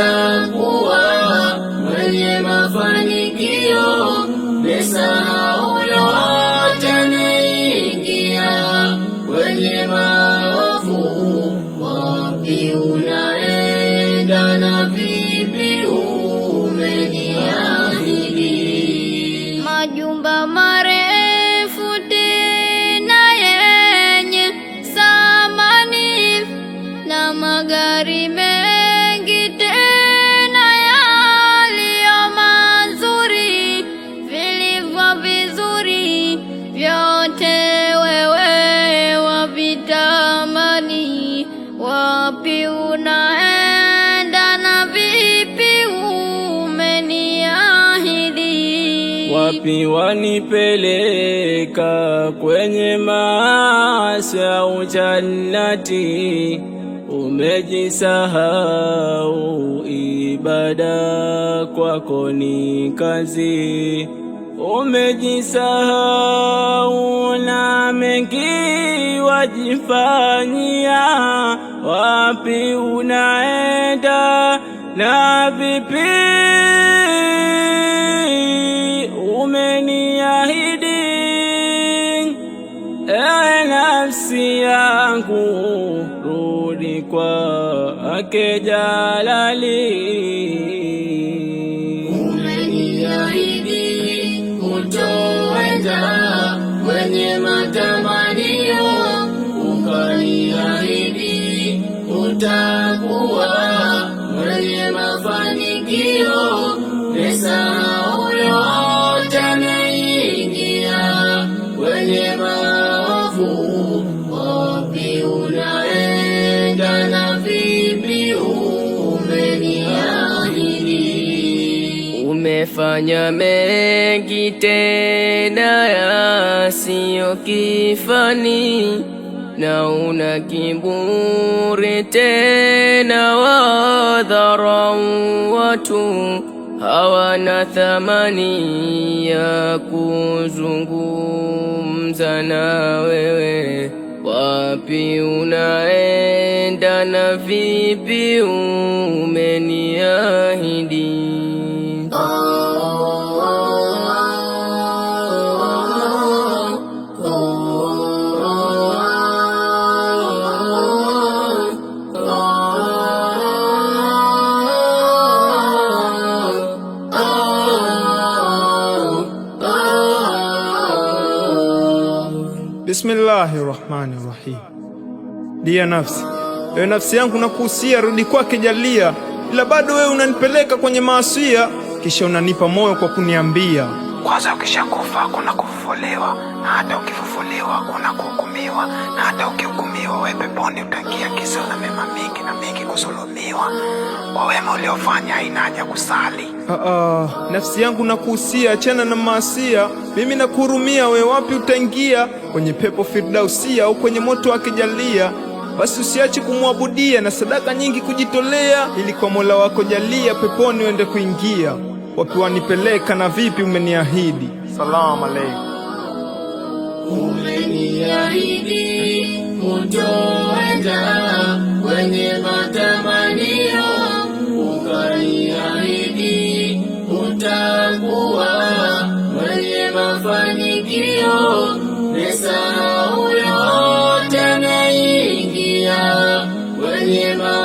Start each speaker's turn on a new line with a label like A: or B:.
A: utakuwa mwenye mafanikio, pesa yote imeingia kwenye maovu. Wapi unaenda na vipi umeniahidi
B: majumba mare
C: wapi wanipeleka, kwenye maasi ya ujannati Umejisahau, ibada kwako ni kazi. Umejisahau na mengi wajifanyia, wapi unaenda na vipi Ewe nafsi yangu, rudi kwake Jalali.
A: Umeniahidi utoenda mwenye matamanio, ukaniahidi utakuwa
D: Fanya mengi tena yasiyo kifani, na una kiburi tena wadharau watu, hawana thamani ya kuzungumza na wewe. Wapi unaenda na vipi? Umeniahidi
E: Bismillahi rahmani rahim. Dia nafsi, ewe nafsi yangu nakuhusia, rudi kwake jalia, ila bado wewe unanipeleka kwenye maasia, kisha unanipa moyo kwa kuniambia
F: kwanza, ukishakufa kuna kufufuliwa, na hata ukifufuliwa kuna kuhukumiwa, na hata ukihukumiwa wewe peponi utangia kisa na mema mingi na mingi kusulumiwa kwa wema uliofanya, haina haja kusali.
E: uh, nafsi yangu nakuhusia, achana na maasia mimi nakuhurumia we wapi utaingia? Kwenye pepo Firdausia au kwenye moto akijalia? Basi usiache kumwabudia na sadaka nyingi kujitolea, ili kwa Mola wako jalia peponi uende kuingia. Wapi wanipeleka na vipi umeniahidi?
G: Salamu aleikum.
A: Umeniahidi moto Nirma